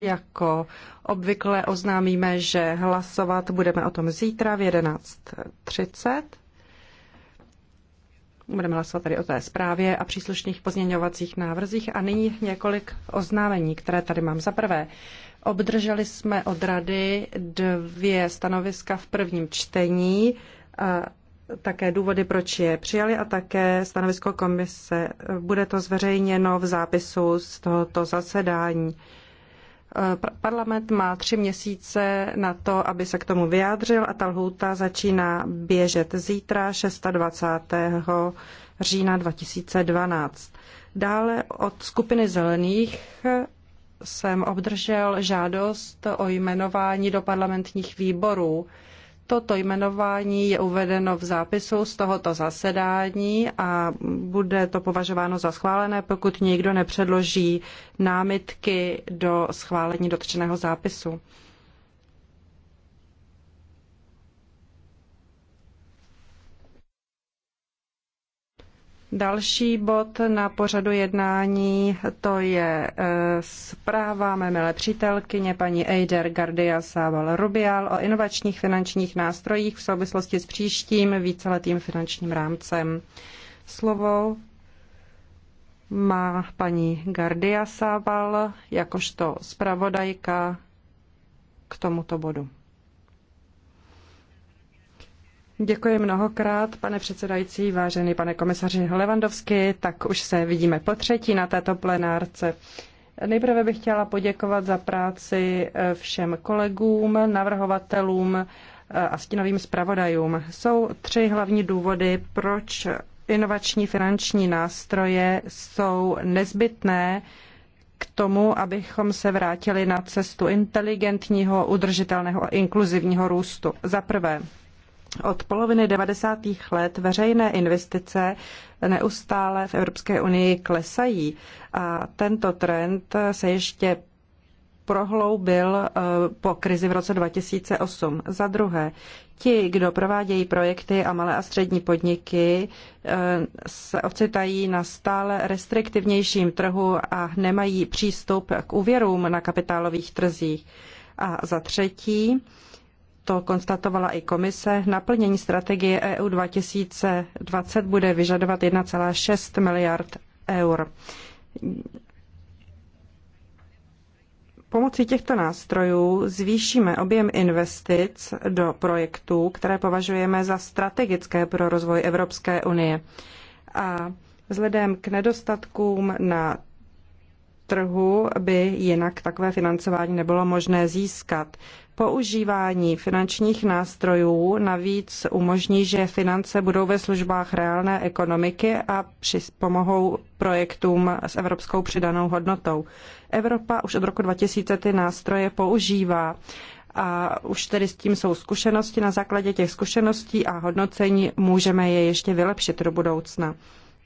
Jako obvykle oznámíme, že hlasovat budeme o tom zítra v 11.30. Budeme hlasovat tady o té zprávě a příslušných pozměňovacích návrzích. A nyní několik oznámení, které tady mám. Za prvé, obdrželi jsme od rady dvě stanoviska v prvním čtení, a také důvody, proč je přijali a také stanovisko komise. Bude to zveřejněno v zápisu z tohoto zasedání. Eh, parlament má tři měsíce na to, aby se k tomu vyjádřil a ta lhůta začíná běžet zítra 26. října 2012. Dále od skupiny zelených jsem obdržel žádost o jmenování do parlamentních výborů. Toto jmenování je uvedeno v zápisu z tohoto zasedání a bude to považováno za schválené, pokud někdo nepředloží námitky do schválení dotčeného zápisu. Další bod na pořadu jednání to je e, zpráva mé milé přítelkyně paní Eider Gardia Sával Rubial o inovačních finančních nástrojích v souvislosti s příštím víceletým finančním rámcem. Slovo má paní Gardia Sával jakožto zpravodajka k tomuto bodu. Děkuji mnohokrát, pane předsedající, vážený pane komisaři Levandovský, tak už se vidíme po třetí na této plenárce. Nejprve bych chtěla poděkovat za práci eh, všem kolegům, navrhovatelům eh, a stínovým zpravodajům. Jsou tři hlavní důvody, proč inovační finanční nástroje jsou nezbytné k tomu, abychom se vrátili na cestu inteligentního, udržitelného a inkluzivního růstu. Za prvé, od poloviny 90. let veřejné investice neustále v Evropské unii klesají a tento trend se ještě prohloubil eh, po krizi v roce 2008. Za druhé, ti, kdo provádějí projekty a malé a střední podniky, eh, se ocitají na stále restriktivnějším trhu a nemají přístup k úvěrům na kapitálových trzích. A za třetí, to konstatovala i komise, naplnění strategie EU 2020 bude vyžadovat 1,6 miliard eur. Pomocí těchto nástrojů zvýšíme objem investic do projektů, které považujeme za strategické pro rozvoj Evropské unie. A vzhledem k nedostatkům na trhu by jinak takové financování nebylo možné získat. Používání finančních nástrojů navíc umožní, že finance budou ve službách reálné ekonomiky a pomohou projektům s evropskou přidanou hodnotou. Evropa už od roku 2000 ty nástroje používá a už tedy s tím jsou zkušenosti. Na základě těch zkušeností a hodnocení můžeme je ještě vylepšit do budoucna.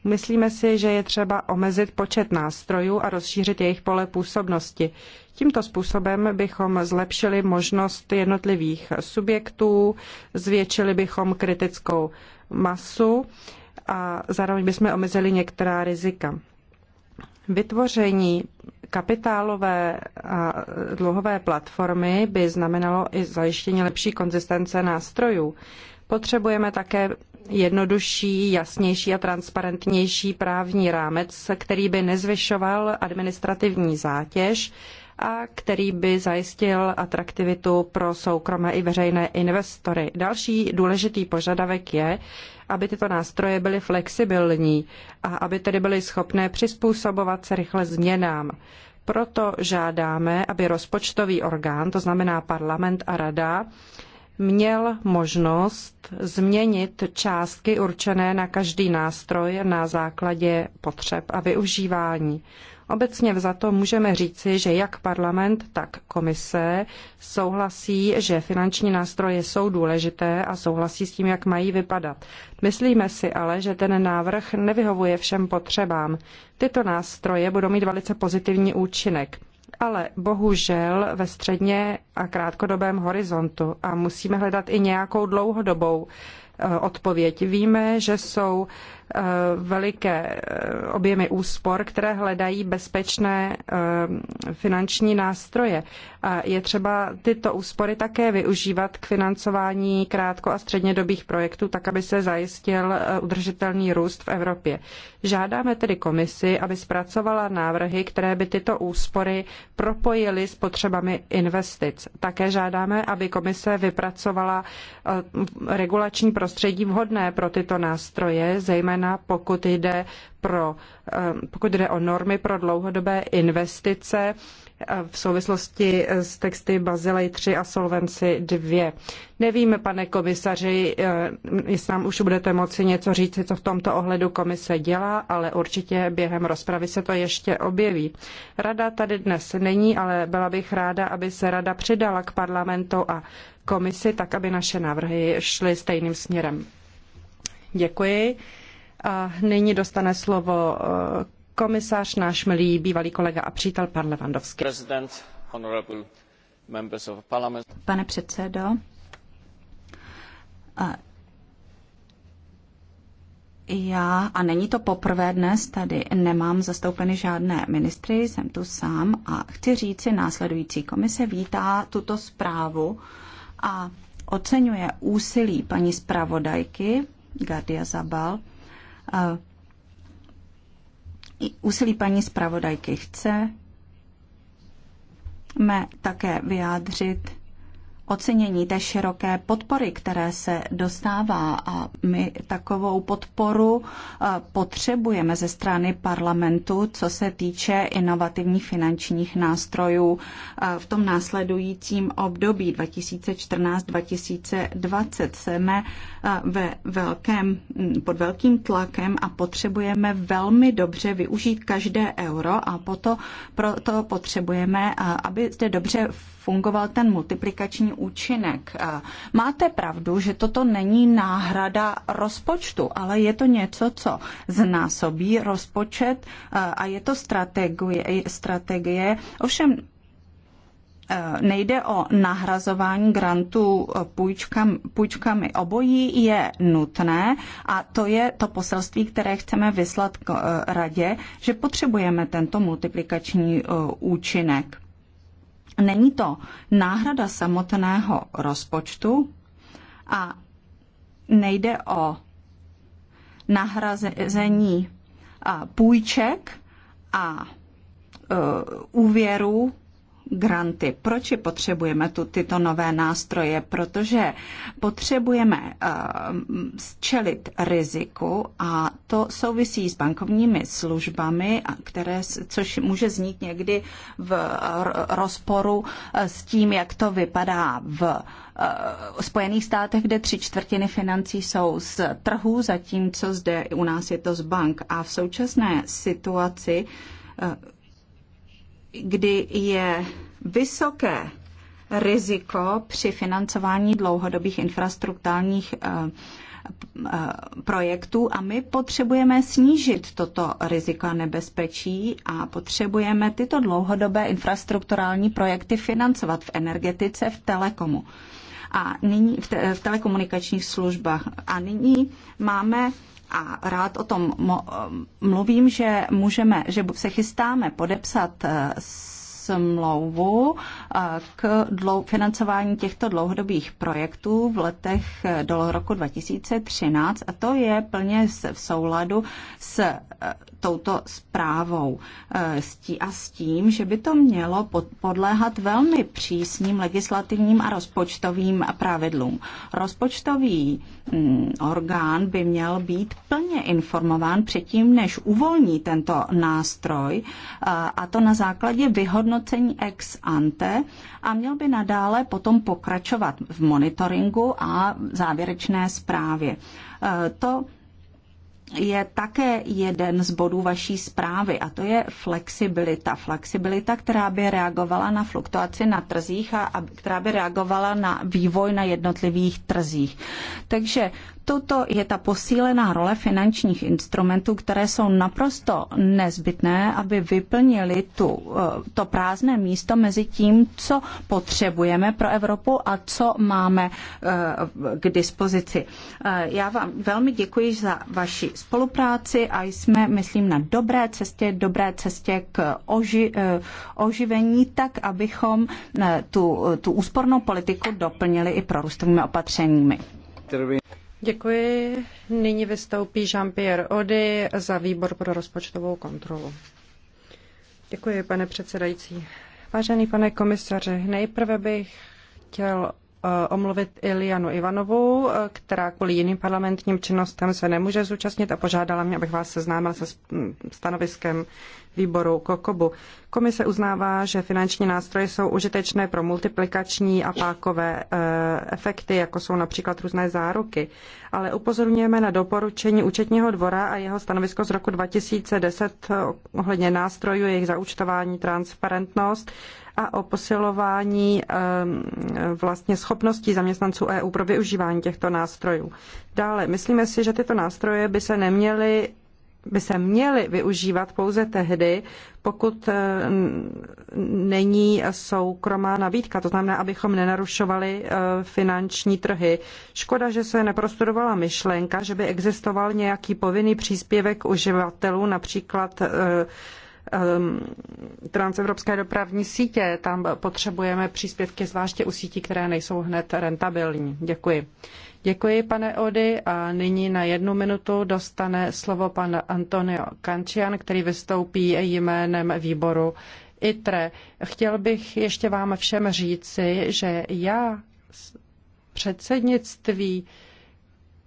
Myslíme si, že je třeba omezit počet nástrojů a rozšířit jejich pole působnosti. Tímto způsobem bychom zlepšili možnost jednotlivých subjektů, zvětšili bychom kritickou masu a zároveň bychom omezili některá rizika. Vytvoření kapitálové a dluhové platformy by znamenalo i zajištění lepší konzistence nástrojů. Potřebujeme také jednodušší, jasnější a transparentnější právní rámec, který by nezvyšoval administrativní zátěž a který by zajistil atraktivitu pro soukromé i veřejné investory. Další důležitý požadavek je, aby tyto nástroje byly flexibilní a aby tedy byly schopné přizpůsobovat se rychle změnám. Proto žádáme, aby rozpočtový orgán, to znamená parlament a rada, měl možnost změnit částky určené na každý nástroj na základě potřeb a využívání. Obecně vzato můžeme říci, že jak parlament, tak komise souhlasí, že finanční nástroje jsou důležité a souhlasí s tím, jak mají vypadat. Myslíme si ale, že ten návrh nevyhovuje všem potřebám. Tyto nástroje budou mít velice pozitivní účinek ale bohužel ve středně a krátkodobém horizontu a musíme hledat i nějakou dlouhodobou eh, odpověď. Víme, že jsou Eh, veliké eh, objemy úspor, které hledají bezpečné eh, finanční nástroje. A je třeba tyto úspory také využívat k financování krátko a střednědobých projektů, tak aby se zajistil udržitelný růst v Evropě. Žádáme tedy komisi, aby zpracovala návrhy, které by tyto úspory propojily s potřebami investic. Také žádáme, aby komise vypracovala regulační prostředí vhodné pro tyto nástroje, zejména zejména pokud jde, pro, eh, pokud jde o normy pro dlouhodobé investice eh, v souvislosti s texty Bazilej 3 a Solvency 2. Nevím, pane komisaři, eh, jestli nám už budete moci něco říct, co v tomto ohledu komise dělá, ale určitě během rozpravy se to ještě objeví. Rada tady dnes není, ale byla bych ráda, aby se rada přidala k parlamentu a komisi, tak aby naše návrhy šly stejným směrem. Děkuji. A nyní dostane slovo eh, komisař náš milý bývalý kolega a přítel pan Levandovský. Pane předsedo, eh, já, a není to poprvé dnes, tady nemám zastoupeny žádné ministry, jsem tu sám a chci říci následující. Komise vítá tuto zprávu a oceňuje úsilí paní zpravodajky Gardia Zabal Úsilí paní zpravodajky chce také vyjádřit ocenění té široké podpory, které se dostává a my takovou podporu eh, potřebujeme ze strany parlamentu, co se týče inovativních finančních nástrojů eh, v tom následujícím období 2014-2020. Jsme eh, ve velkém, hm, pod velkým tlakem a potřebujeme velmi dobře využít každé euro a proto, proto potřebujeme, aby zde dobře fungoval ten multiplikační účinek. Máte pravdu, že toto není náhrada rozpočtu, ale je to něco, co znásobí rozpočet a je to strategie. strategie. Ovšem e, nejde o nahrazování grantů půjčkami, půjčkami. Obojí je nutné a to je to poselství, které chceme vyslat k e, radě, že potřebujeme tento multiplikační e, účinek. Není to náhrada samotného rozpočtu a nejde o nahrazení půjček a e, úvěrů granty. Proč je potřebujeme tu, tyto nové nástroje? Protože potřebujeme uh, čelit riziku a to souvisí s bankovními službami, které, což může znít někdy v eh, rozporu eh, s tím, jak to vypadá v Spojených státech, kde tři čtvrtiny financí jsou z trhů, zatímco zde u nás je to z bank. A v současné situaci kdy je vysoké riziko při financování dlouhodobých infrastrukturálních eh, eh, projektů a my potřebujeme snížit toto riziko a nebezpečí a potřebujeme tyto dlouhodobé infrastrukturální projekty financovat v energetice, v telekomu a nyní v, te, v telekomunikačních službách. A nyní máme a rád o tom mluvím, že můžeme, že se chystáme podepsat eh, smlouvu eh, k financování těchto dlouhodobých projektů v letech eh, do roku 2013 a to je plně v souladu s touto zprávou eh, a s tím, že by to mělo podléhat velmi přísným legislativním a rozpočtovým pravidlům. Rozpočtový mm, orgán by měl být plně informován předtím, než uvolní tento nástroj, eh, a to na základě vyhodnocení ex ante a měl by nadále potom pokračovat v monitoringu a závěrečné zprávě. Eh, to je také jeden z bodů vaší zprávy a to je flexibilita. Flexibilita, která by reagovala na fluktuaci na trzích a, a která by reagovala na vývoj na jednotlivých trzích. Takže Toto je ta posílená role finančních instrumentů, které jsou naprosto nezbytné, aby vyplnili tu, eh, to prázdné místo mezi tím, co potřebujeme pro Evropu a co máme eh, k dispozici. Eh, já vám velmi děkuji za vaši spolupráci a jsme, myslím, na dobré cestě, dobré cestě k oži, eh, oživení, tak abychom eh, tu, tu úspornou politiku doplnili i prorůstovými opatřeními. Děkuji. Nyní vystoupí Jean-Pierre Ody za výbor pro rozpočtovou kontrolu. Děkuji, pane předsedající. Vážený pane komisaře, nejprve bych chtěl Eh, omluvit Ilianu Ivanovou, eh, která kvůli jiným parlamentním činnostem se nemůže zúčastnit a požádala mě, abych vás seznámil se mm, stanoviskem výboru Kokobu. Komise uznává, že finanční nástroje jsou užitečné pro multiplikační a pákové eh, efekty, jako jsou například různé záruky, ale upozorňujeme na doporučení účetního dvora a jeho stanovisko z roku 2010 ohledně nástrojů, jejich zaúčtování, transparentnost a o posilování ehm, vlastně schopností zaměstnanců EU pro využívání těchto nástrojů. Dále, myslíme si, že tyto nástroje by se neměly by se měly využívat pouze tehdy, pokud ehm, není soukromá nabídka. To znamená, abychom nenarušovali ehm, finanční trhy. Škoda, že se neprostudovala myšlenka, že by existoval nějaký povinný příspěvek uživatelů, například Um, transevropské dopravní sítě. Tam potřebujeme příspěvky zvláště u sítí, které nejsou hned rentabilní. Děkuji. Děkuji, pane Ody, a nyní na jednu minutu dostane slovo pan Antonio Kančian, který vystoupí jménem výboru ITRE. Chtěl bych ještě vám všem říci, že já předsednictví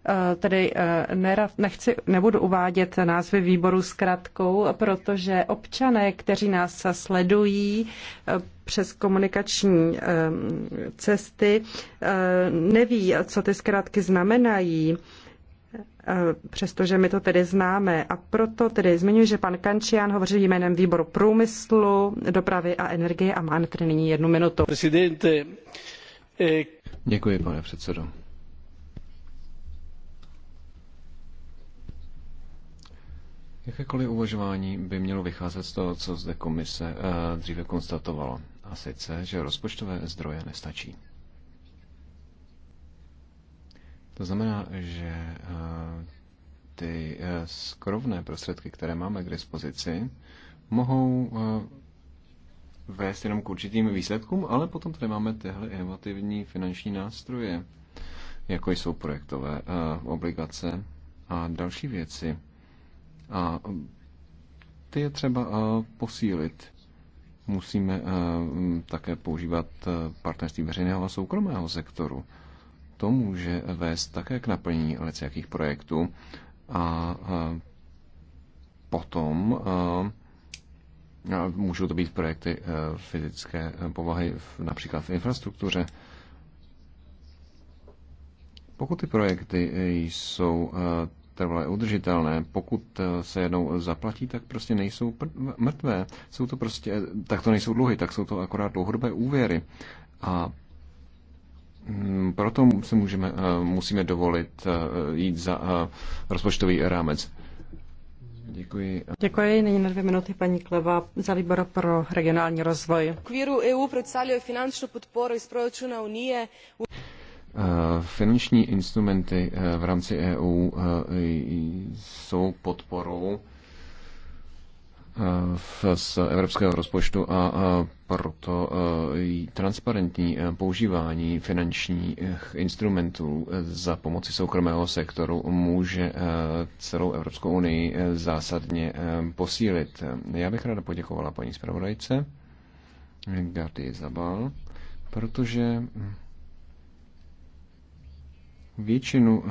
Eh, tedy eh, nechci, nebudu uvádět názvy výboru s kratkou, protože občané, kteří nás sledují eh, přes komunikační cesty, neví, co ty zkrátky znamenají přestože my to tedy známe. A proto tedy zmiňuji, že pan Kančian hovoří jménem výboru průmyslu, dopravy a energie a má tedy nyní jednu minutu. Děkuji, pane předsedo. Jakékoliv uvažování by mělo vycházet z toho, co zde komise eh, dříve konstatovala, a sice, že rozpočtové zdroje nestačí. To znamená, že eh, ty eh, skrovné prostředky, které máme k dispozici, mohou vést jenom k určitým výsledkům, ale potom tady máme tyhle inovativní finanční nástroje, jako jsou projektové obligace a další věci a um, ty je třeba uh, posílit. Musíme uh, um, také používat uh, partnerství veřejného a soukromého sektoru. To může vést také k naplnění jakých projektů a potom můžou to být projekty fyzické povahy, například v infrastruktuře. Pokud ty projekty jsou trvalé, udržitelné. Pokud eh, se jednou zaplatí, tak prostě nejsou mrtvé. Jsou to prostě, tak to nejsou dluhy, tak jsou to akorát dlouhodobé úvěry. A mm, proto se můžeme, eh, musíme dovolit eh, jít za rozpočtový rámec. Děkuji. Děkuji. Nyní na dvě minuty paní Kleva za výbor pro regionální rozvoj. Kvíru EU představuje finanční podporu z proračuna Unie. Finanční instrumenty eh, v rámci EU eh, jsou podporou eh, z evropského rozpočtu a proto transparentní používání finančních instrumentů za pomoci soukromého sektoru může celou Evropskou unii zásadně posílit. Já bych ráda poděkovala paní zpravodajce Gardy Zabal, protože hm, většinu,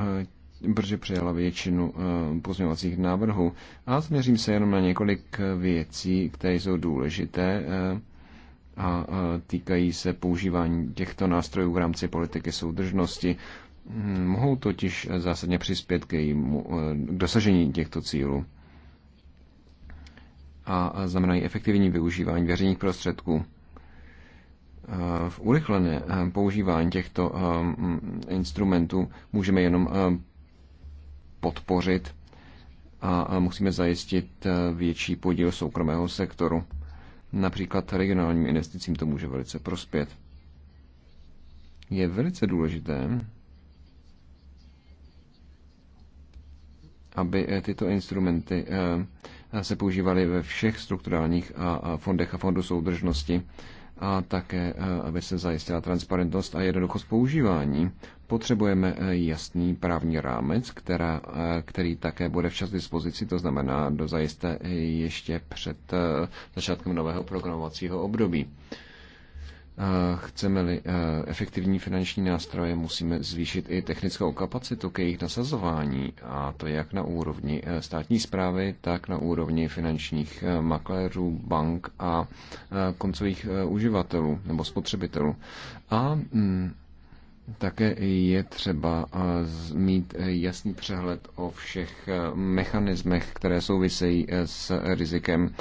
protože eh, přijala většinu eh, pozměňovacích návrhů. A změřím se jenom na několik eh, věcí, které jsou důležité a týkají se používání těchto nástrojů v rámci politiky soudržnosti. Mm, mohou totiž zásadně přispět k, jejímu, k dosažení těchto cílů a znamenají efektivní využívání veřejných prostředků. Eh, v urychlené eh, používání těchto eh, instrumentů můžeme jenom podpořit a musíme zajistit větší podíl soukromého sektoru. Například regionálním investicím to může velice prospět. Je velice důležité, aby tyto instrumenty se používaly ve všech strukturálních a fondech a fondu soudržnosti a také, eh, aby se zajistila transparentnost a jednoduchost používání. Potřebujeme eh, jasný právní rámec, která, eh, který také bude včas dispozici, to znamená do zajisté ještě před začátkem nového programovacího období. Chceme-li efektivní finanční nástroje, musíme zvýšit i technickou kapacitu k jejich nasazování, a to jak na úrovni e, státní zprávy, tak na úrovni finančních e, makléřů, bank a e, koncových uživatelů nebo spotřebitelů. A mm, také je třeba eh, mít eh, jasný přehled o všech eh, mechanismech, které souvisejí s rizikem,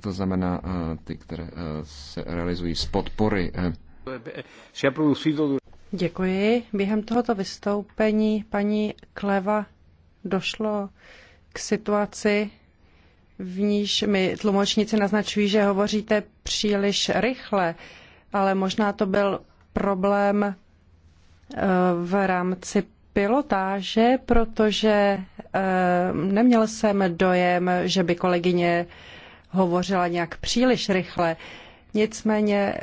to znamená ty, které se realizují z podpory. Děkuji. Během tohoto vystoupení paní Kleva došlo k situaci, v níž mi tlumočníci naznačují, že hovoříte příliš rychle, ale možná to byl problém v rámci pilotáže, protože eh, neměl jsem dojem, že by kolegyně hovořila nějak příliš rychle. Nicméně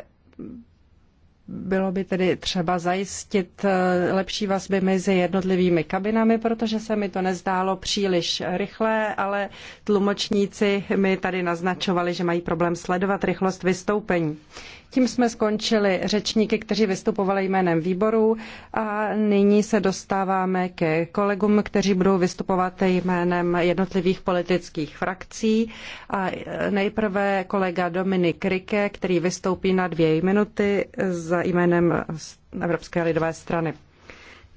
bylo by tedy třeba zajistit eh, lepší vazby mezi jednotlivými kabinami, protože se mi to nezdálo příliš rychlé, ale tlumočníci mi tady naznačovali, že mají problém sledovat rychlost vystoupení. Tím jsme skončili řečníky, kteří vystupovali jménem výborů a nyní se dostáváme ke kolegům, kteří budou vystupovat jménem jednotlivých politických frakcí. A nejprve kolega Dominik Rike, který vystoupí na dvě minuty za jménem Evropské lidové strany.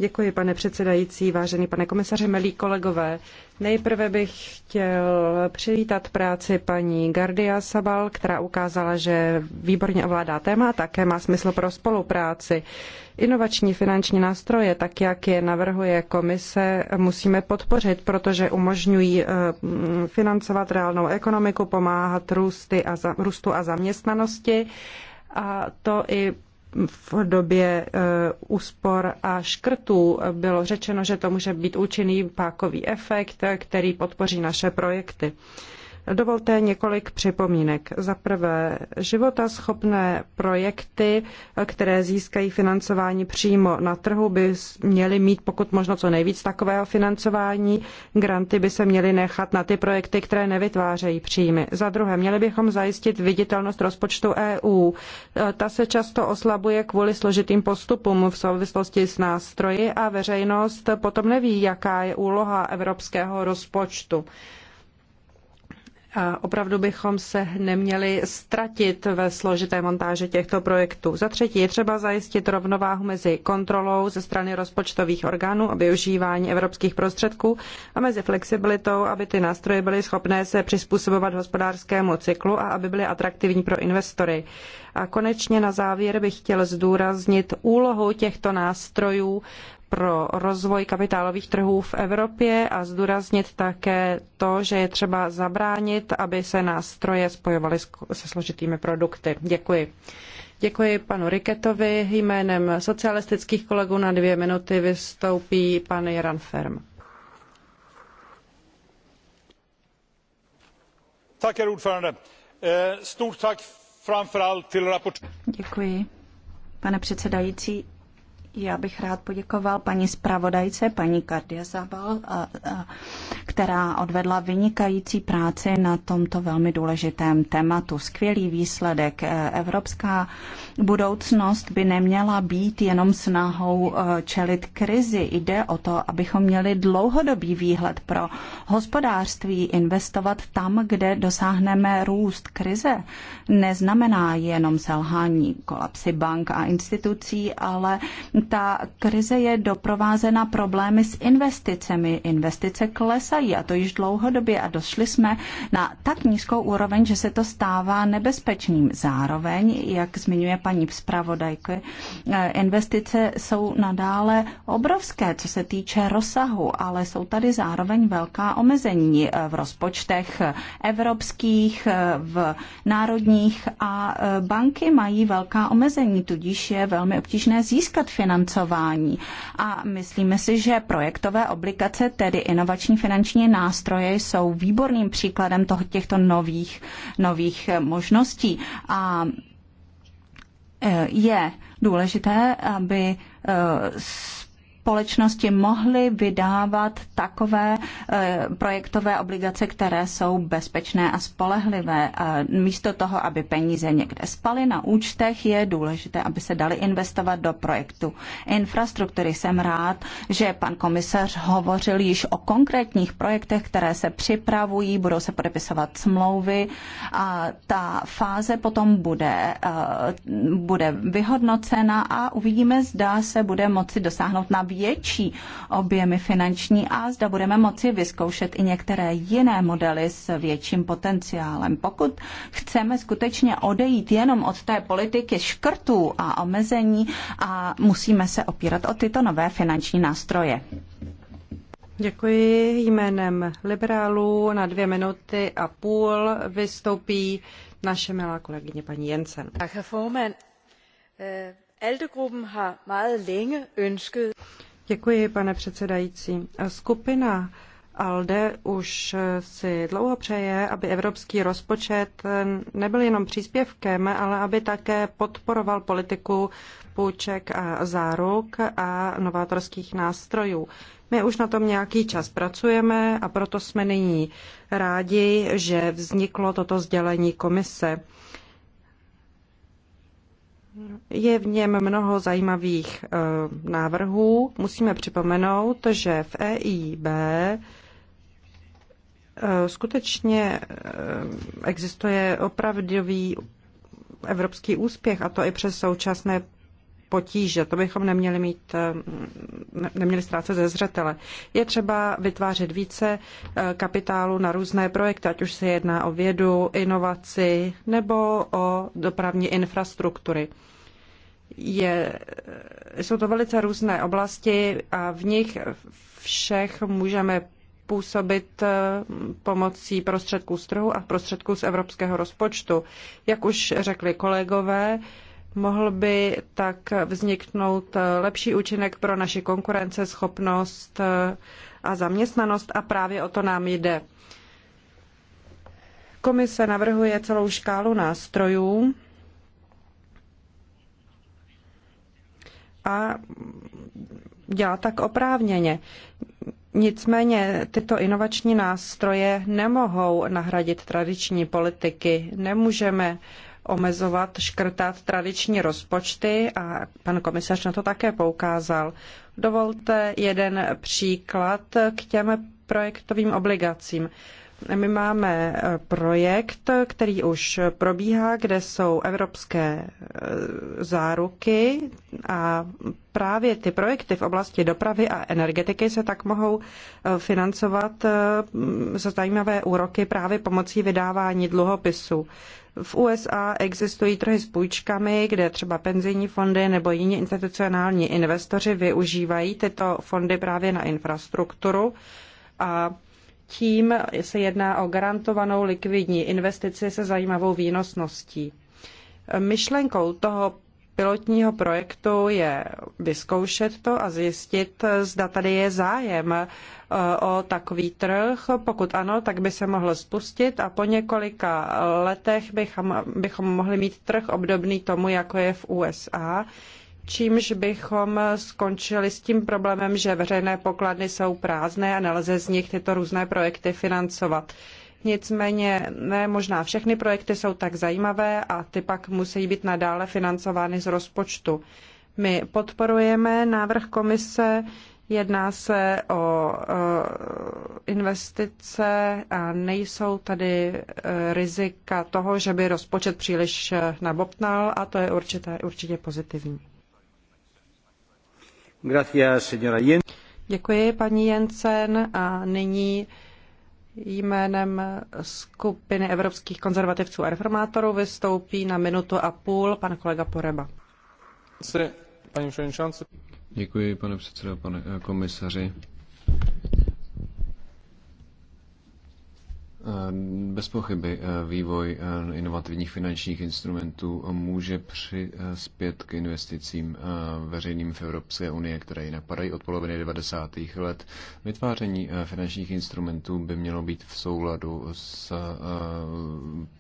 Děkuji, pane předsedající, vážený pane komisaře, milí kolegové. Nejprve bych chtěl přivítat práci paní Gardia Sabal, která ukázala, že výborně ovládá téma a také má smysl pro spolupráci. Inovační finanční nástroje, tak jak je navrhuje komise, musíme podpořit, protože umožňují eh, financovat reálnou ekonomiku, pomáhat růsty a za, růstu a zaměstnanosti a to i v době e, úspor a škrtů bylo řečeno, že to může být účinný pákový efekt, který podpoří naše projekty. Dovolte několik připomínek. Za prvé, života schopné projekty, které získají financování přímo na trhu, by měly mít pokud možno co nejvíc takového financování. Granty by se měly nechat na ty projekty, které nevytvářejí příjmy. Za druhé, měli bychom zajistit viditelnost rozpočtu EU. Ta se často oslabuje kvůli složitým postupům v souvislosti s nástroji a veřejnost potom neví, jaká je úloha evropského rozpočtu opravdu bychom se neměli ztratit ve složité montáži těchto projektů. Za třetí je třeba zajistit rovnováhu mezi kontrolou ze strany rozpočtových orgánů a využívání evropských prostředků a mezi flexibilitou, aby ty nástroje byly schopné se přizpůsobovat hospodářskému cyklu a aby byly atraktivní pro investory. A konečně na závěr bych chtěl zdůraznit úlohu těchto nástrojů pro rozvoj kapitálových trhů v Evropě a zdůraznit také to, že je třeba zabránit, aby se nástroje spojovaly se složitými produkty. Děkuji. Děkuji panu Riketovi. Jménem socialistických kolegů na dvě minuty vystoupí pan Jaran Ferm. Eh, Děkuji, pane předsedající. Já bych rád poděkoval paní zpravodajce, paní Kardiazabal, která odvedla vynikající práci na tomto velmi důležitém tématu. Skvělý výsledek. E, evropská budoucnost by neměla být jenom snahou e, čelit krizi. Jde o to, abychom měli dlouhodobý výhled pro hospodářství, investovat tam, kde dosáhneme růst. Krize neznamená jenom selhání kolapsy bank a institucí, ale ta krize je doprovázena problémy s investicemi. Investice klesají a to již dlouhodobě a došli jsme na tak nízkou úroveň, že se to stává nebezpečným. Zároveň, jak zmiňuje paní zpravodajky, eh, investice jsou nadále obrovské, co se týče rozsahu, ale jsou tady zároveň velká omezení eh, v rozpočtech evropských, eh, v národních a banky mají velká omezení, tudíž je velmi obtížné získat finance financování. A myslíme si, že projektové obligace, tedy inovační finanční nástroje, jsou výborným příkladem toho, těchto nových, nových možností. A e, je důležité, aby e, společnosti mohly vydávat takové eh, projektové obligace, které jsou bezpečné a spolehlivé. Místo toho, aby peníze někde spaly na účtech, je důležité, aby se dali investovat do projektu infrastruktury. Jsem rád, že pan komisař hovořil již o konkrétních projektech, které se připravují, budou se podepisovat smlouvy a ta fáze potom bude, eh, bude vyhodnocena a uvidíme, zda se bude moci dosáhnout na výsledky větší objemy finanční a zda budeme moci vyzkoušet i některé jiné modely s větším potenciálem. Pokud chceme skutečně odejít jenom od té politiky škrtů a omezení a musíme se opírat o tyto nové finanční nástroje. Děkuji. Jménem liberálů na dvě minuty a půl vystoupí naše milá kolegyně paní Jensen. Tak, Herr Formand. Eh, alde har meget længe ønsket Děkuji, pane předsedající. Skupina ALDE už si dlouho přeje, aby evropský rozpočet nebyl jenom příspěvkem, ale aby také podporoval politiku půjček a záruk a novátorských nástrojů. My už na tom nějaký čas pracujeme a proto jsme nyní rádi, že vzniklo toto sdělení komise. Je v něm mnoho zajímavých eh, návrhů. Musíme připomenout, že v EIB eh, skutečně eh, existuje opravdový evropský úspěch, a to i přes současné potíže. To bychom neměli mít, eh, neměli ztrácet ze zřetele. Je třeba vytvářet více eh, kapitálu na různé projekty, ať už se jedná o vědu, inovaci nebo o dopravní infrastruktury. Je, eh, jsou to velice různé oblasti a v nich všech můžeme působit pomocí prostředků z trhu a prostředků z evropského rozpočtu. Jak už řekli kolegové, mohl by tak vzniknout lepší účinek pro naši konkurenceschopnost a zaměstnanost a právě o to nám jde. Komise navrhuje celou škálu nástrojů a dělá tak oprávněně. Nicméně tyto inovační nástroje nemohou nahradit tradiční politiky. Nemůžeme omezovat, škrtat tradiční rozpočty a pan komisař na to také poukázal. Dovolte jeden příklad k těm projektovým obligacím. My máme eh, projekt, který už probíhá, kde jsou evropské eh, záruky a právě ty projekty v oblasti dopravy a energetiky se tak mohou eh, financovat za zajímavé úroky právě pomocí vydávání dluhopisů. V USA existují trhy s půjčkami, kde třeba penzijní fondy nebo jiní institucionální investoři využívají tyto fondy právě na infrastrukturu a tím se jedná o garantovanou likvidní investici se zajímavou výnosností. Myšlenkou toho pilotního projektu je vyzkoušet to a zjistit, zda tady je zájem eh, o takový trh. Pokud ano, tak by se mohl spustit a po několika letech bychom, bychom mohli mít trh obdobný tomu, jako je v USA, čímž bychom skončili s tím problémem, že veřejné pokladny jsou prázdné a nelze z nich tyto různé projekty financovat. Nicméně ne možná všechny projekty jsou tak zajímavé a ty pak musí být nadále financovány z rozpočtu. My podporujeme návrh komise, jedná se o investice a nejsou tady e, rizika toho, že by rozpočet příliš e, nabobtnal a to je určitě, určitě pozitivní. Děkuji, paní Jensen. A nyní jménem skupiny evropských konzervativců a reformátorů vystoupí na minutu a půl pan kolega Poreba. Děkuji, pane předsedo, pane komisaři. Eh, bez pochyby eh, vývoj eh, inovativních finančních instrumentů může přispět k investicím veřejným v Evropské unii, které jinak padají od poloviny 90. let. Vytváření finančních instrumentů by mělo být v souladu s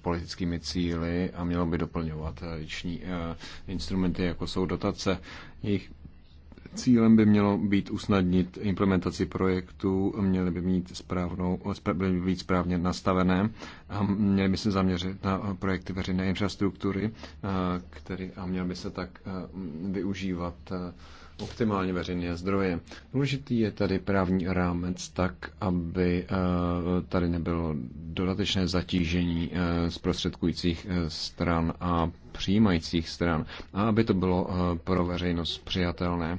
politickými cíly a mělo by doplňovat liční instrumenty, jako jsou dotace. Jejich Cílem by mělo být usnadnit implementaci projektů, měly by mít správnou, by být správně nastavené a měly by se zaměřit na projekty veřejné infrastruktury, který, a měl by se tak využívat optimálně veřejné zdroje. Důležitý je tady právní rámec tak, aby eh, tady nebylo dodatečné zatížení eh, zprostředkujících eh, stran a přijímajících stran a aby to bylo pro veřejnost přijatelné.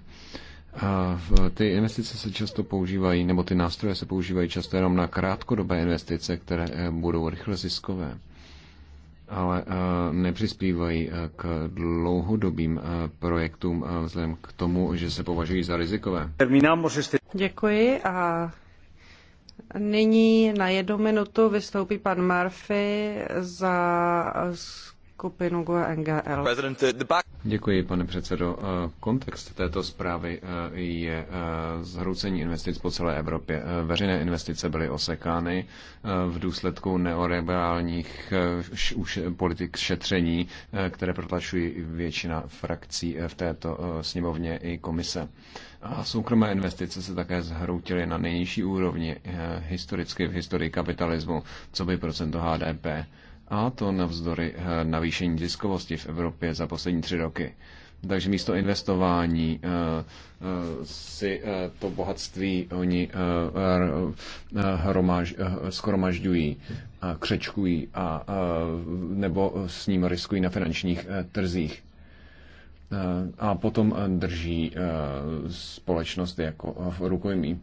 A ty investice se často používají, nebo ty nástroje se používají často jenom na krátkodobé investice, které budou rychle ziskové ale eh, nepřispívají eh, k dlouhodobým eh, projektům vzhledem k tomu, že se považují za rizikové. Děkuji a nyní na jednu minutu vystoupí pan Murphy za NGL. E Děkuji, pane předsedo. Eh, kontext této zprávy eh, je eh, zhroucení investic po celé Evropě. Veřejné investice byly osekány v důsledku neoreálních politik šetření, které protlačují většina frakcí v této sněmovně i komise. A soukromé investice se také zhroutily na nejnižší úrovni historicky v historii kapitalismu, co by procento HDP a to navzdory eh, navýšení ziskovosti v Evropě za poslední tři roky. Takže místo investování eh, eh, si to bohatství oni skromažďují, křečkují a, nebo s ním riskují na finančních trzích. A potom drží společnost jako v rukojmí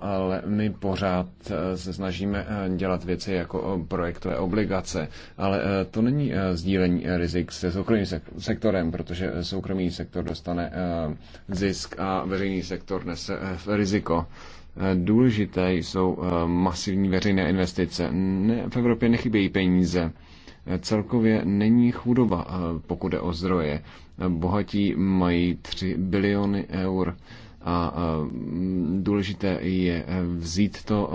ale my pořád e, se snažíme e, dělat věci jako e, projektové obligace, ale to není sdílení rizik se soukromým sektorem, protože soukromý sektor dostane zisk a veřejný sektor nese riziko. Důležité jsou masivní veřejné investice. Ne, v Evropě nechybějí peníze. Celkově není chudoba, pokud jde o zdroje. Bohatí mají 3 biliony eur a mm, důležité je eh, vzít to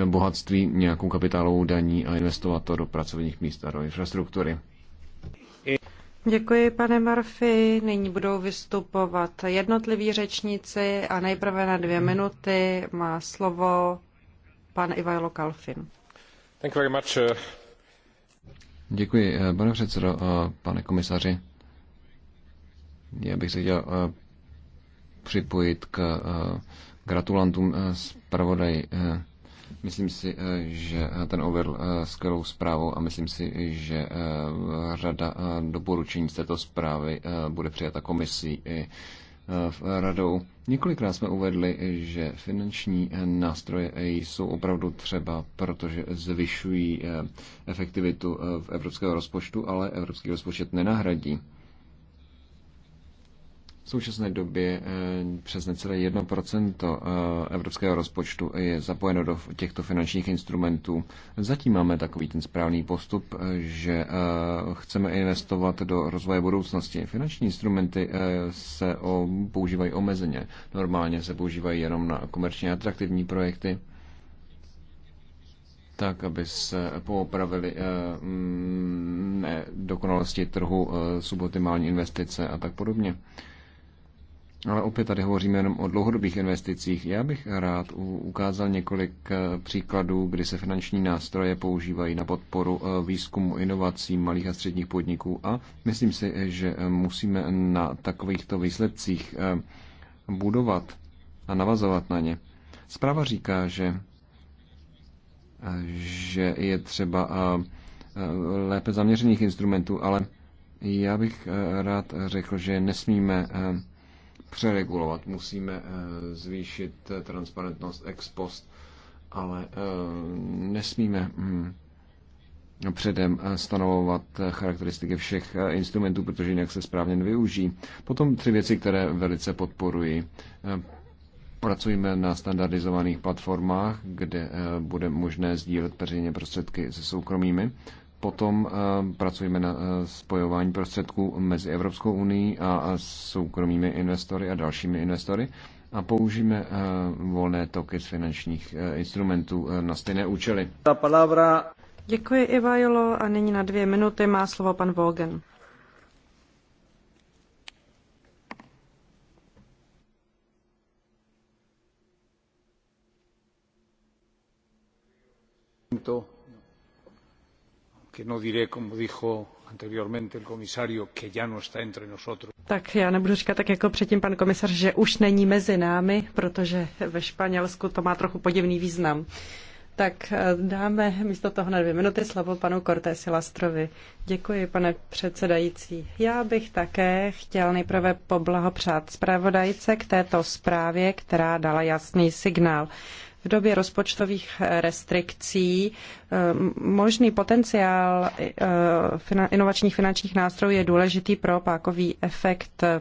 eh, bohatství nějakou kapitálovou daní a investovat to do pracovních míst a do infrastruktury. Děkuji, pane Murphy. Nyní budou vystupovat jednotliví řečníci a nejprve na dvě minuty má slovo pan Ivajlo Kalfin. Thank you very much. Uh, Děkuji, eh, pane předsedo, pane komisaři. Já bych se chtěl připojit k eh, gratulantům eh, zpravodaj. Eh, myslím si, že ten overl skvělou zprávou a myslím si, že řada doporučení z této zprávy bude přijata komisí i radou. Několikrát jsme uvedli, že finanční nástroje jsou opravdu třeba, protože zvyšují efektivitu v evropského rozpočtu, ale evropský rozpočet nenahradí. V současné době eh, přes necelé 1% eh, evropského rozpočtu je zapojeno do těchto finančních instrumentů. Zatím máme takový ten správný postup, eh, že chceme investovat do rozvoje budoucnosti. Finanční instrumenty se používají omezeně. Normálně se používají jenom na komerčně atraktivní projekty tak, aby se poopravili mm, dokonalosti trhu, subotimální investice a tak podobně. Ale opět tady hovoříme jenom o dlouhodobých investicích. Já bych rád ukázal několik eh, příkladů, kdy se finanční nástroje používají na podporu eh, výzkumu, inovací malých a středních podniků a myslím si, že eh, musíme na takovýchto výsledcích budovat a navazovat na ně. Zpráva říká, že, že je třeba lépe zaměřených instrumentů, ale já bych rád řekl, že nesmíme přeregulovat, musíme eh, zvýšit eh, transparentnost ex post, ale eh, nesmíme hm, předem stanovovat charakteristiky všech instrumentů, protože jinak se správně nevyužijí. Potom tři věci, které velice podporuji. Pracujeme na standardizovaných platformách, kde bude možné sdílet peřejně prostředky se soukromými potom eh, pracujeme na eh, spojování prostředků mezi Evropskou unii a soukromými investory a dalšími investory a použijeme eh, volné toky z finančních instrumentů na stejné účely. Ta palavra... Děkuji, Ivajlo. A nyní na dvě minuty má slovo pan Vogen. que no diré como dijo anteriormente el comisario que ya no está entre nosotros. Tak já nebudu říkat tak jako předtím pan komisař, že už není mezi námi, protože ve Španělsku to má trochu podivný význam. Tak eh, dáme místo toho na dvě minuty slovo panu Cortési Lastrovi. Děkuji, pane předsedající. Já bych také chtěl nejprve poblahopřát zpravodajce k této zprávě, která dala jasný signál v době rozpočtových restrikcí eh, možný potenciál eh, inovačních finančních nástrojů je důležitý pro pákový efekt eh,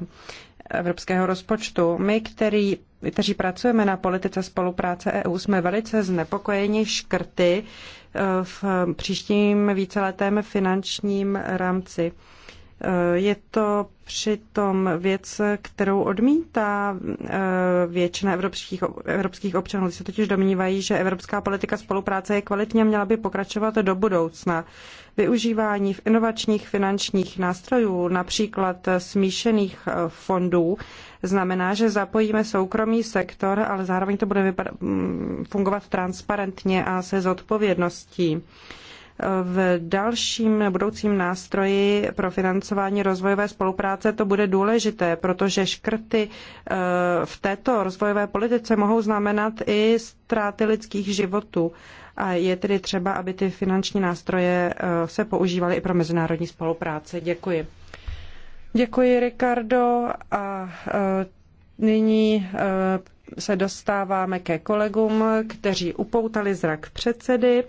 evropského rozpočtu. My, který, kteří pracujeme na politice spolupráce EU, jsme velice znepokojeni škrty v příštím víceletém finančním rámci. Eh, je to přitom věc, kterou odmítá eh, většina evropských, evropských občanů. Ty se totiž domnívají, že evropská politika spolupráce je kvalitní a měla by pokračovat do budoucna. Využívání v inovačních finančních nástrojů, například smíšených eh, fondů, znamená, že zapojíme soukromý sektor, ale zároveň to bude mm, fungovat transparentně a se zodpovědností v dalším budoucím nástroji pro financování rozvojové spolupráce to bude důležité, protože škrty eh, v této rozvojové politice mohou znamenat i ztráty lidských životů. A je tedy třeba, aby ty finanční nástroje eh, se používaly i pro mezinárodní spolupráci. Děkuji. Děkuji, Ricardo. A eh, nyní se dostáváme ke kolegům, kteří upoutali zrak předsedy.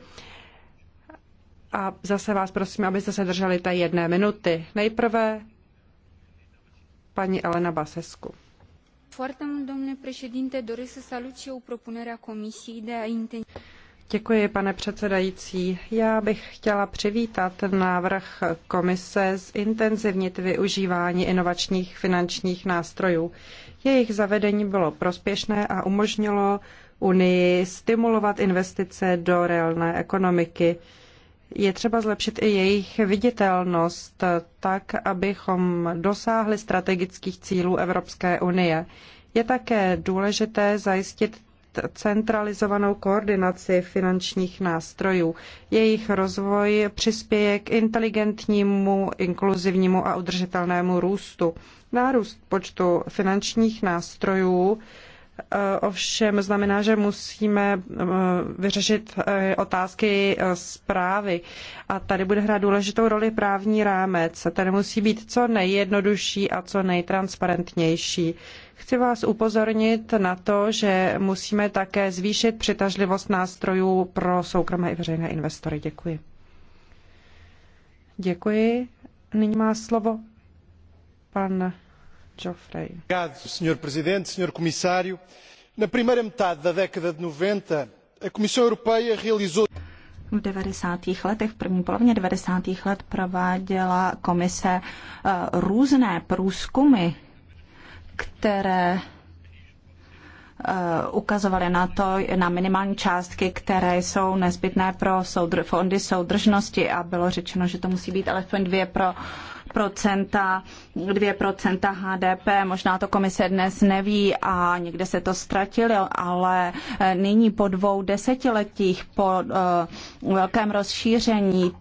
A zase vás prosím, abyste se drželi té jedné minuty. Nejprve paní Elena Basescu. Foarte mult, domnule președinte, doresc să salut și eu propunerea Comisiei de a Děkuji, pane předsedající. Já bych chtěla přivítat návrh komise zintenzivnit využívání inovačních finančních nástrojů. Jejich zavedení bylo prospěšné a umožnilo Unii stimulovat investice do reálné ekonomiky je třeba zlepšit i jejich viditelnost tak, abychom dosáhli strategických cílů Evropské unie. Je také důležité zajistit centralizovanou koordinaci finančních nástrojů. Jejich rozvoj přispěje k inteligentnímu, inkluzivnímu a udržitelnému růstu. Nárůst počtu finančních nástrojů Eh, ovšem znamená, že musíme eh, vyřešit eh, otázky zprávy. A tady bude hrát důležitou roli právní rámec. Ten musí být co nejjednodušší a co nejtransparentnější. Chci vás upozornit na to, že musíme také zvýšit přitažlivost nástrojů pro soukromé i veřejné investory. Děkuji. Děkuji. Nyní má slovo pan Senhor Presidente, Senhor Comissário, na primeira metade da década de noventa a Comissão Europeia realizou v 90. letech, v první polovině 90. let prováděla komise eh, různé průzkumy, které eh, ukazovaly na to, na minimální částky, které jsou nezbytné pro soudr, fondy soudržnosti a bylo řečeno, že to musí být alespoň dvě pro uh, 2%, 2% HDP. Možná to komise dnes neví a někde se to ztratilo, ale eh, nyní po dvou desetiletích, po eh, velkém rozšíření,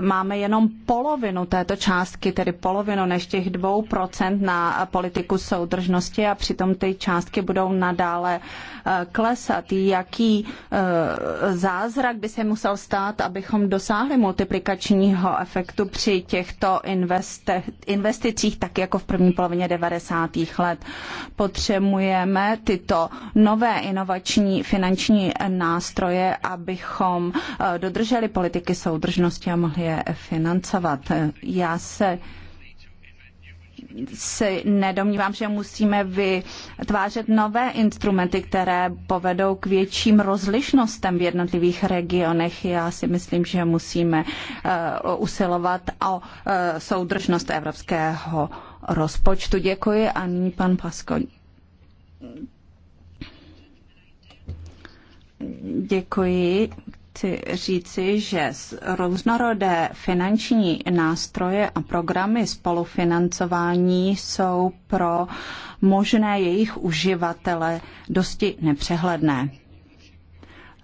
máme jenom polovinu této částky, tedy polovinu než těch 2% na politiku soudržnosti a přitom ty částky budou nadále eh, klesat. Jaký zázrak by se musel stát, abychom dosáhli multiplikačního efektu při těchto investicích? investicích, tak jako v první polovině 90. let. Potřebujeme tyto nové inovační finanční nástroje, abychom eh, dodrželi politiky soudržnosti a mohli je financovat. Já se se nedomnívám, že musíme vytvářet nové instrumenty, které povedou k větším rozlišnostem v jednotlivých regionech. Já si myslím, že musíme eh, usilovat o eh, soudržnost evropského rozpočtu. Děkuji a nyní pan Pasko. Děkuji chci říci, že různorodé finanční nástroje a programy spolufinancování jsou pro možné jejich uživatele dosti nepřehledné.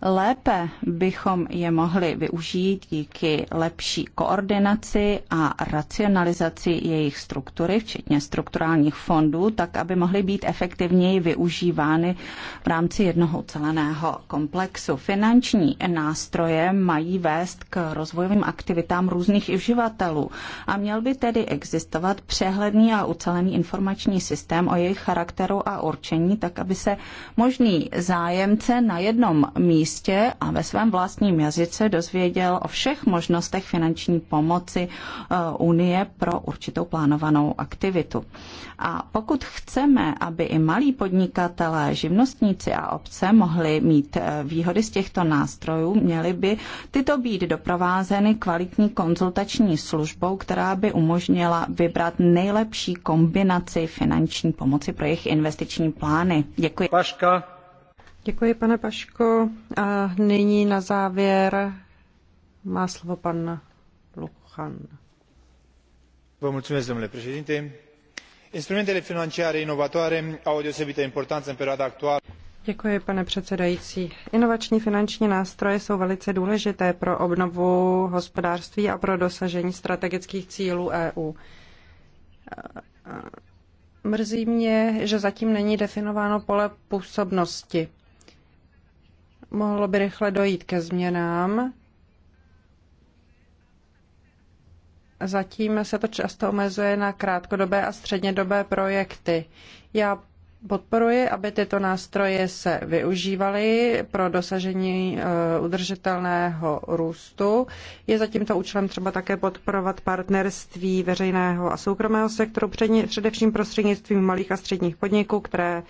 Lépe bychom je mohli využít díky lepší koordinaci a racionalizaci jejich struktury, včetně strukturálních fondů, tak aby mohly být efektivněji využívány v rámci jednoho celeného komplexu. Finanční nástroje mají vést k rozvojovým aktivitám různých uživatelů a měl by tedy existovat přehledný a ucelený informační systém o jejich charakteru a určení, tak aby se možný zájemce na jednom místě místě a ve svém vlastním jazyce dozvěděl o všech možnostech finanční pomoci eh, Unie pro určitou plánovanou aktivitu. A pokud chceme, aby i malí podnikatelé, živnostníci a obce mohli mít eh, výhody z těchto nástrojů, měly by tyto být doprovázeny kvalitní konzultační službou, která by umožnila vybrat nejlepší kombinaci finanční pomoci pro jejich investiční plány. Děkuji. Paška. Děkuji, pane Paško. A nyní na závěr má slovo pan Luchan. Vă mulțumesc, domnule președinte. Instrumentele financiare inovatoare au o deosebită importanță în perioada actuală. Děkuji, pane předsedající. Inovační finanční nástroje jsou velice důležité pro obnovu hospodářství a pro dosažení strategických cílů EU. Mrzí mě, že zatím není definováno pole působnosti mohlo by rychle dojít ke změnám. Zatím se to často omezuje na krátkodobé a střednědobé projekty. Já podporuji, aby tyto nástroje se využívaly pro dosažení eh, udržitelného růstu. Je za tímto účelem třeba také podporovat partnerství veřejného a soukromého sektoru, především prostřednictvím malých a středních podniků, které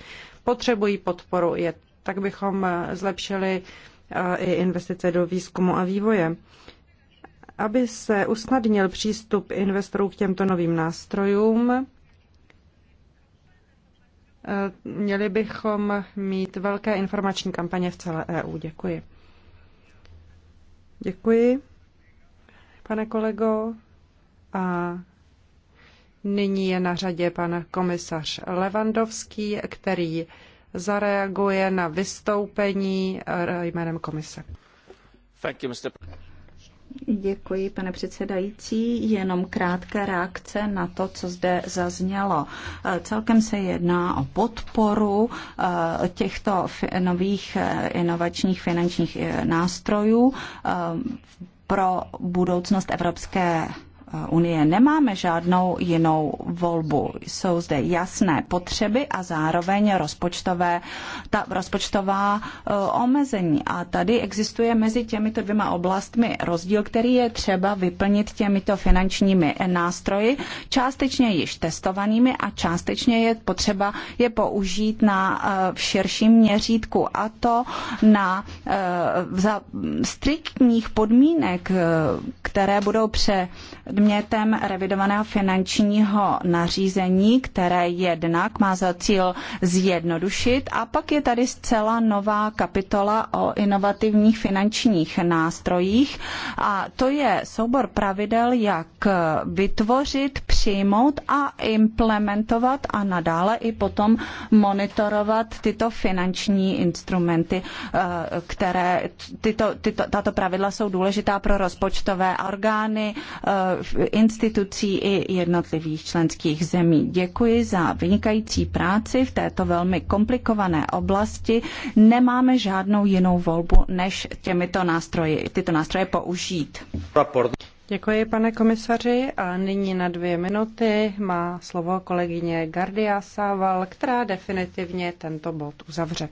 potřebují podporu. Je tak bychom eh, zlepšili eh, i investice do výzkumu a vývoje. Aby se usnadnil přístup investorů k těmto novým nástrojům, eh, měli bychom mít velké informační kampaně v celé EU. Děkuji. Děkuji, pane kolego. A nyní je na řadě pan komisař Levandovský, který zareaguje na vystoupení eh, jménem komise. Děkuji, pane předsedající. Jenom krátké reakce na to, co zde zaznělo. Eh, celkem se jedná o podporu eh, těchto nových inovačních finančních nástrojů pro budoucnost Evropské unie. Nemáme žádnou jinou volbu. Jsou zde jasné potřeby a zároveň rozpočtové, ta rozpočtová eh, omezení. A tady existuje mezi těmito dvěma oblastmi rozdíl, který je třeba vyplnit těmito finančními nástroji, částečně již testovanými a částečně je potřeba je použít na eh, v širším měřítku a to na eh, za striktních podmínek, které budou pře, předmětem revidovaného finančního nařízení, které jednak má za cíl zjednodušit a pak je tady zcela nová kapitola o inovativních finančních nástrojích a to je soubor pravidel, jak vytvořit, přijmout a implementovat a nadále i potom monitorovat tyto finanční instrumenty, eh, které tyto, tyto, tato pravidla jsou důležitá pro rozpočtové orgány, eh, institucí i jednotlivých členských zemí. Děkuji za vynikající práci v této velmi komplikované oblasti. Nemáme žádnou jinou volbu, než těmito nástroji, tyto nástroje použít. Děkuji, pane komisaři. A nyní na dvě minuty má slovo kolegyně Gardia Sával, která definitivně tento bod uzavře.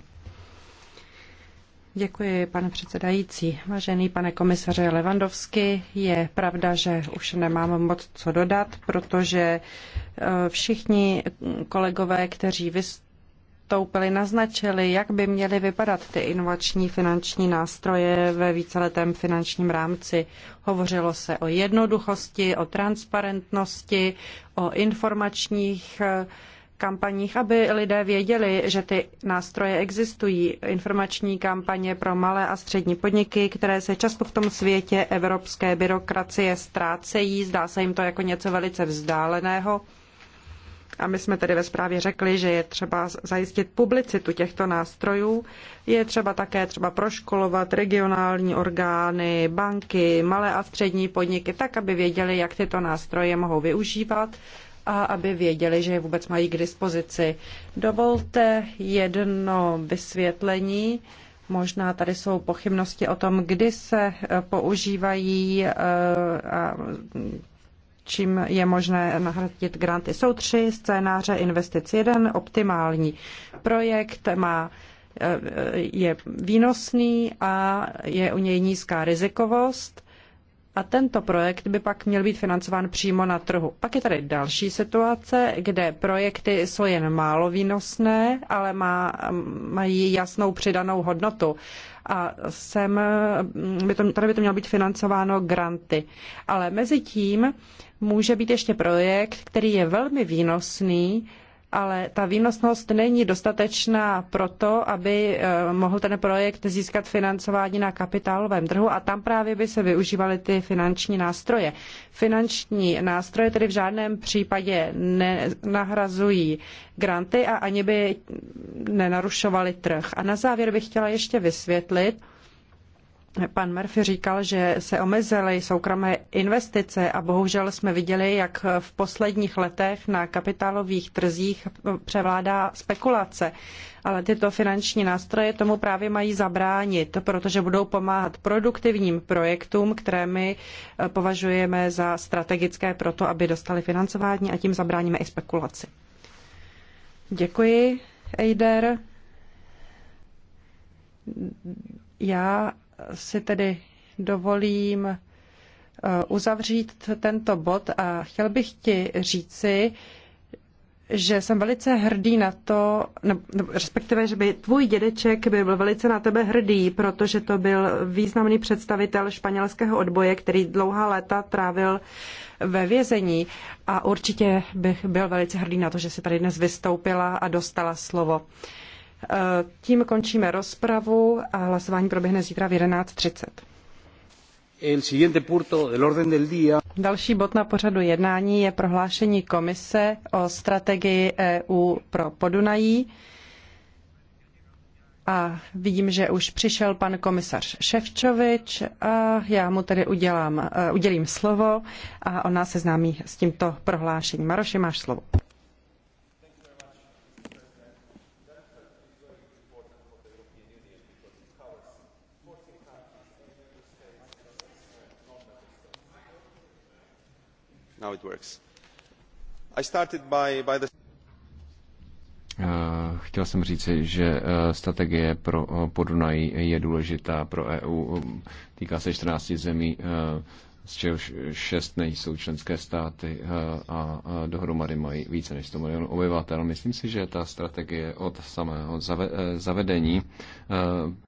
Děkuji, pane předsedající. Vážený pane komisaře Levandovsky, je pravda, že už nemám moc co dodat, protože e, všichni kolegové, kteří vystoupili, naznačili, jak by měly vypadat ty inovační finanční nástroje ve víceletém finančním rámci. Hovořilo se o jednoduchosti, o transparentnosti, o informačních e, kampaních, aby lidé věděli, že ty nástroje existují. Informační kampaně pro malé a střední podniky, které se často v tom světě evropské byrokracie ztrácejí, zdá se jim to jako něco velice vzdáleného. A my jsme tedy ve zprávě řekli, že je třeba zajistit publicitu těchto nástrojů. Je třeba také třeba proškolovat regionální orgány, banky, malé a střední podniky, tak, aby věděli, jak tyto nástroje mohou využívat a aby věděli, že je vůbec mají k dispozici. Dovolte jedno vysvětlení. Možná tady jsou pochybnosti o tom, kdy se eh, používají eh, a čím je možné nahradit granty. Jsou tři scénáře investic. Jeden optimální projekt má eh, je výnosný a je u něj nízká rizikovost a tento projekt by pak měl být financován přímo na trhu. Pak je tady další situace, kde projekty jsou jen málo výnosné, ale má, mají jasnou přidanou hodnotu. A sem by to, tady by to mělo být financováno granty. Ale mezi tím může být ještě projekt, který je velmi výnosný, ale ta výnosnost není dostatečná proto, aby eh, mohl ten projekt získat financování na kapitálovém trhu a tam právě by se využívaly ty finanční nástroje. Finanční nástroje tedy v žádném případě nenahrazují granty a ani by nenarušovaly trh. A na závěr bych chtěla ještě vysvětlit, Pan Murphy říkal, že se omezily soukromé investice a bohužel jsme viděli, jak v posledních letech na kapitálových trzích převládá spekulace. Ale tyto finanční nástroje tomu právě mají zabránit, protože budou pomáhat produktivním projektům, které my eh, považujeme za strategické pro to, aby dostali financování a tím zabráníme i spekulaci. Děkuji, Eider. Já si tedy dovolím eh, uzavřít tento bod a chtěl bych ti říci, že jsem velice hrdý na to, nebo respektive, že by tvůj dědeček by byl velice na tebe hrdý, protože to byl významný představitel španělského odboje, který dlouhá léta trávil ve vězení a určitě bych byl velice hrdý na to, že si tady dnes vystoupila a dostala slovo. Eh, tím končíme rozpravu a hlasování proběhne zítra v 11.30. Další bod na pořadu jednání je prohlášení komise o strategii EU pro Podunají. A vidím, že už přišel pan komisař Ševčovič a já mu tedy udělám, eh, udělím slovo a on nás seznámí s tímto prohlášením. Maroši, máš slovo. now it works. I started by, by the... Eh, chtěl jsem říci, že eh, strategie pro eh, Podunají je důležitá pro EU. Týká se 14 zemí, z čehož 6 nejsou členské státy a dohromady mají více než 100 milionů obyvatel. Myslím si, že ta strategie od samého zavedení